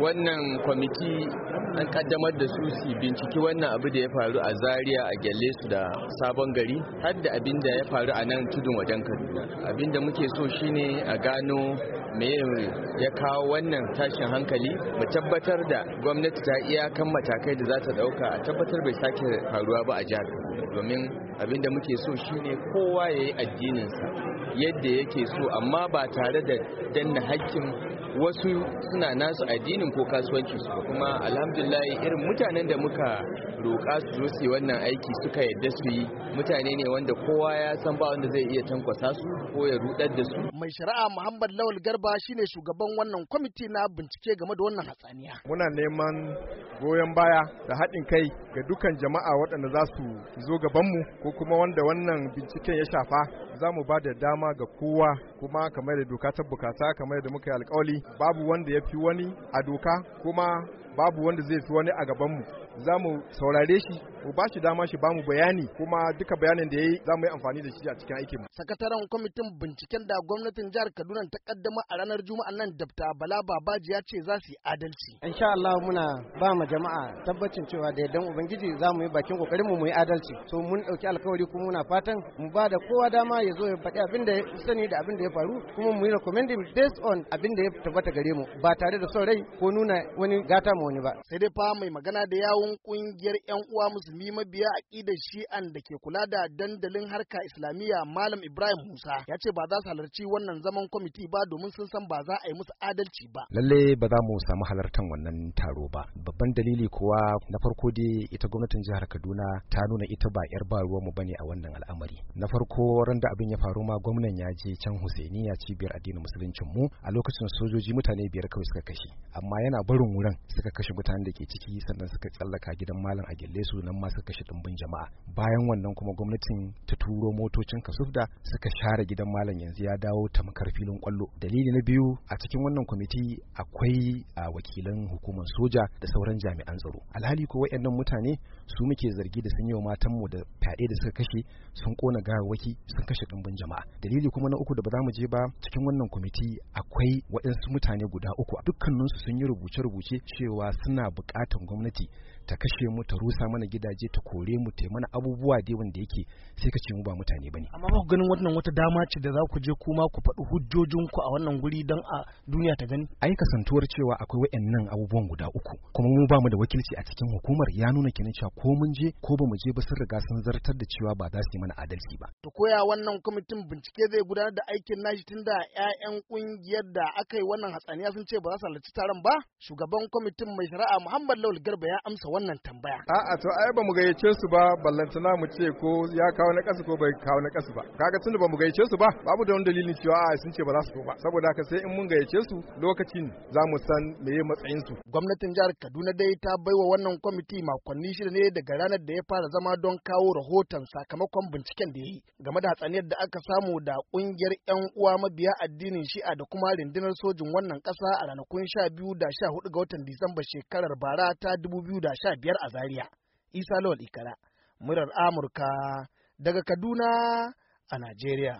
wannan kwamiti an kaddamar da su su binciki wannan abu da ya faru a zaria a gyalle su da sabon gari har da abin da ya faru a nan tudun wajen kaduna abin da muke so shine a gano me ya kawo wannan tashin hankali mu tabbatar da gwamnati ta iyakan matakai da za ta dauka a tabbatar bai sake faruwa ba a jihar domin abin da muke so shine kowa ya yi addininsa yadda yake so amma ba tare da danna hakkin wasu suna nasu addinin ko kasuwanci su kuma alhamdulillah irin mutanen da muka roƙa su zo su wannan aiki suka yadda su yi mutane ne wanda kowa ya san ba wanda zai iya tankwasa su ko ya rudar da su mai shari'a muhammad lawal garba shine shugaban wannan kwamiti na bincike game da wannan hatsaniya muna neman goyon baya da haɗin kai ga dukkan jama'a waɗanda za su zo gabanmu ko kuma wanda wannan binciken ya shafa za mu ba da dama ga kowa kuma kamar da doka ta bukata kamar da muka yi alkawali babu wanda ya fi wani a doka kuma babu wanda zai fi wani a gabanmu za mu saurare shi mu ba shi dama shi ba mu bayani kuma duka bayanin da ya yi za mu yi amfani da shi a cikin aikinmu. sakataren kwamitin binciken da gwamnatin jihar kaduna ta kaddama a ranar juma'a nan dabta bala babaji ya ce za su yi adalci. insha allah muna ba ma jama'a tabbacin cewa da yardan ubangiji za mu yi bakin kokarin mu mu yi adalci to mun dauki alkawari kuma muna fatan mu ba da kowa dama ya zo ya faɗi abin da ya sani da abin da ya faru kuma mu yi recommending based on abin da ya tabbata gare mu ba tare da son rai ko nuna wani gata mu wani ba sai dai fa mai magana da yawun kungiyar yan uwa musulmi mabiya a aqidar shi'an da ke kula da dandalin harka islamiyya malam ibrahim musa ya ce ba za su halarci wannan zaman kwamiti ba domin sun san ba za a yi musu adalci ba lalle ba za mu samu halartan wannan taro ba babban dalili kuwa na farko dai ita gwamnatin jihar kaduna ta nuna ita ba yar ba ruwan mu ne a wannan al'amari na farko ran da abin ya faru ma gwamnan ya je can husainiya cibiyar addinin musuluncin mu a lokacin sojoji mutane biyar kawai suka kashe amma yana barin wurin suka suka kashe mutanen da ke ciki sannan suka tsallaka gidan malam a gelle su nan ma suka kashe dumbin jama'a bayan wannan kuma gwamnatin ta turo motocin kasufda suka share gidan malam yanzu ya dawo tamkar filin kwallo dalili na biyu a cikin wannan kwamiti akwai a wakilan hukumar soja da sauran jami'an tsaro alhali ko wayannan mutane su muke zargi da sun yi wa matan mu da fyaɗe da suka kashe sun kona gawawwaki sun kashe dumbin jama'a dalili kuma na uku da ba za mu je ba cikin wannan kwamiti akwai waɗansu mutane guda uku dukkaninsu sun yi rubuce-rubuce cewa cewa suna bukatan gwamnati ta kashe mu ta rusa mana gidaje ta kore mu ta mana abubuwa dai wanda yake sai ka ce mu ba mutane bane amma ba ku ganin wannan wata dama ce da za ku je kuma ku faɗi hujjojin ku a wannan guri dan a duniya ta gani ai kasantuwar cewa akwai wayannan abubuwan guda uku kuma mu ba mu da wakilci a cikin hukumar ya nuna kenan cewa ko mun je ko ba mu je ba sun riga sun zartar da cewa ba za su yi mana adalci ba to koya wannan kwamitin bincike zai gudanar da aikin nashi tunda 'ya'yan kungiyar da aka wannan hatsaniya sun ce ba za su halarci taron ba shugaban kwamitin mai shari'a Muhammad Lawal Garba ya amsa wannan tambaya. A'a to ai ba mu gayyace su ba ballantana mu ce ko ya kawo na ƙasa ko bai kawo na ƙasa ba. Kaga tunda ba mu gayyace su ba babu da wani dalilin cewa a'a sun ce ba za su zo ba. Saboda haka sai in mun gayyace su lokacin za mu san ya matsayin su. Gwamnatin jihar Kaduna dai ta baiwa wannan kwamiti makonni shida ne daga ranar da ya fara zama don kawo rahoton sakamakon binciken da ya yi game da hatsaniyar da aka samu da kungiyar 'yan uwa mabiya addinin shi'a da kuma rundunar sojin wannan ƙasa a ranakun sha biyu da sha hudu ga watan Disamba raba shekarar bara ta dubu biyu da sha biyar a Zaria. Isa Lawal Ikara, murar Amurka daga Kaduna a Najeriya.